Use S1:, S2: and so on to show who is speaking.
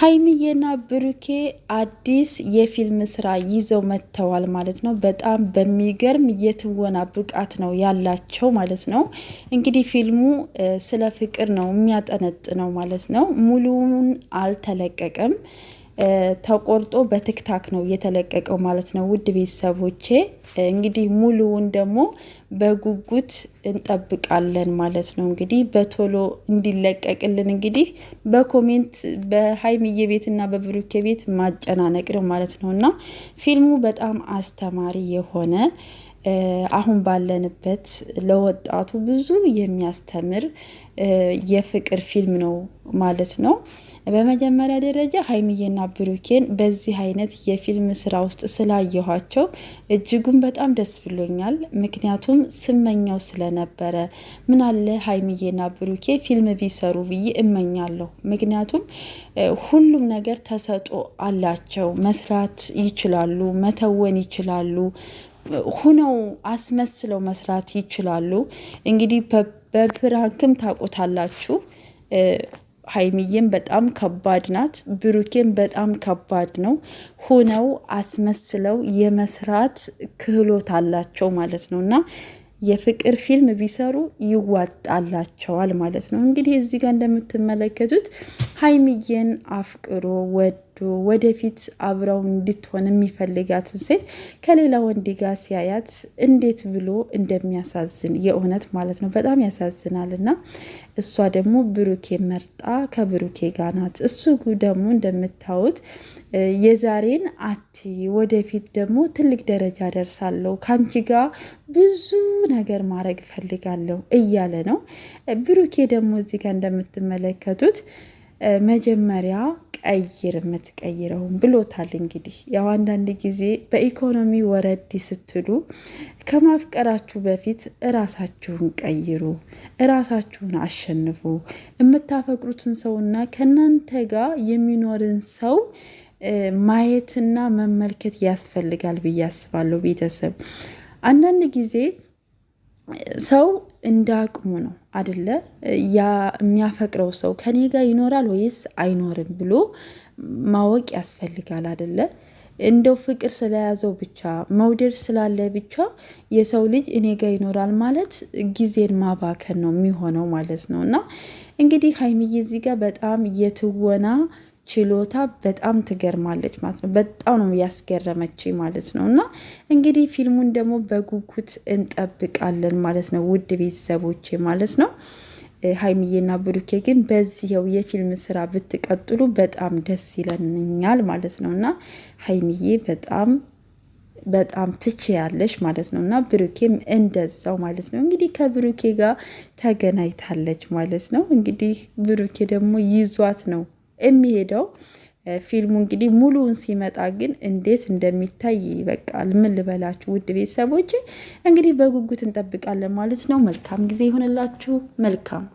S1: ሀይሚዬና ብሩኬ አዲስ የፊልም ስራ ይዘው መጥተዋል ማለት ነው። በጣም በሚገርም የትወና ብቃት ነው ያላቸው ማለት ነው። እንግዲህ ፊልሙ ስለ ፍቅር ነው የሚያጠነጥ ነው ማለት ነው። ሙሉውን አልተለቀቀም ተቆርጦ በትክታክ ነው እየተለቀቀው ማለት ነው። ውድ ቤተሰቦቼ እንግዲህ ሙሉውን ደግሞ በጉጉት እንጠብቃለን ማለት ነው። እንግዲህ በቶሎ እንዲለቀቅልን እንግዲህ በኮሜንት በሀይሚዬ ቤት እና በብሩኬ ቤት ማጨናነቅ ነው ማለት ነው እና ፊልሙ በጣም አስተማሪ የሆነ አሁን ባለንበት ለወጣቱ ብዙ የሚያስተምር የፍቅር ፊልም ነው ማለት ነው። በመጀመሪያ ደረጃ ሀይሚዬና ብሩኬን በዚህ አይነት የፊልም ስራ ውስጥ ስላየኋቸው እጅጉን በጣም ደስ ብሎኛል። ምክንያቱም ስመኛው ስለነበረ ምናለ ሀይሚዬና ብሩኬ ፊልም ቢሰሩ ብዬ እመኛለሁ። ምክንያቱም ሁሉም ነገር ተሰጦ አላቸው። መስራት ይችላሉ፣ መተወን ይችላሉ። ሆነው አስመስለው መስራት ይችላሉ። እንግዲህ በፕራንክም ታቆታላችሁ። ሀይሚዬም በጣም ከባድ ናት፣ ብሩኬም በጣም ከባድ ነው። ሆነው አስመስለው የመስራት ክህሎት አላቸው ማለት ነው እና የፍቅር ፊልም ቢሰሩ ይዋጣላቸዋል ማለት ነው። እንግዲህ እዚህ ጋር እንደምትመለከቱት ሀይሚዬን አፍቅሮ ወድ ወዶ ወደፊት አብረው እንድትሆን የሚፈልጋትን ሴት ከሌላ ወንድ ጋር ሲያያት እንዴት ብሎ እንደሚያሳዝን የእውነት ማለት ነው። በጣም ያሳዝናል። እና እሷ ደግሞ ብሩኬ መርጣ ከብሩኬ ጋር ናት። እሱ ደግሞ እንደምታዩት የዛሬን አቲ ወደፊት ደግሞ ትልቅ ደረጃ ደርሳለሁ ከአንቺ ጋር ብዙ ነገር ማድረግ እፈልጋለሁ እያለ ነው። ብሩኬ ደግሞ እዚህ ጋር እንደምትመለከቱት መጀመሪያ ቀይር የምትቀይረውን ብሎታል። እንግዲህ ያው አንዳንድ ጊዜ በኢኮኖሚ ወረድ ስትሉ ከማፍቀራችሁ በፊት እራሳችሁን ቀይሩ፣ እራሳችሁን አሸንፉ። የምታፈቅሩትን ሰውና ከእናንተ ጋር የሚኖርን ሰው ማየትና መመልከት ያስፈልጋል ብዬ አስባለሁ። ቤተሰብ አንዳንድ ጊዜ ሰው እንደ አቅሙ ነው አደለ? ያ የሚያፈቅረው ሰው ከኔ ጋር ይኖራል ወይስ አይኖርም ብሎ ማወቅ ያስፈልጋል አደለ? እንደው ፍቅር ስለያዘው ብቻ መውደድ ስላለ ብቻ የሰው ልጅ እኔ ጋር ይኖራል ማለት ጊዜን ማባከን ነው የሚሆነው ማለት ነው። እና እንግዲህ ሀይሚዬ እዚህ ጋር በጣም የትወና ችሎታ በጣም ትገርማለች ማለት ነው። በጣም ነው ያስገረመች ማለት ነው። እና እንግዲህ ፊልሙን ደግሞ በጉጉት እንጠብቃለን ማለት ነው፣ ውድ ቤተሰቦቼ ማለት ነው። ሀይሚዬና ብሩኬ ግን በዚህው የፊልም ስራ ብትቀጥሉ በጣም ደስ ይለኛል ማለት ነው። እና ሀይሚዬ በጣም በጣም ትችያለሽ ማለት ነው እና ብሩኬም እንደዛው ማለት ነው። እንግዲህ ከብሩኬ ጋር ተገናኝታለች ማለት ነው። እንግዲህ ብሩኬ ደግሞ ይዟት ነው የሚሄደው። ፊልሙ እንግዲህ ሙሉውን ሲመጣ ግን እንዴት እንደሚታይ ይበቃል። ምን ልበላችሁ ውድ ቤተሰቦች፣ እንግዲህ በጉጉት እንጠብቃለን ማለት ነው። መልካም ጊዜ ይሆንላችሁ። መልካም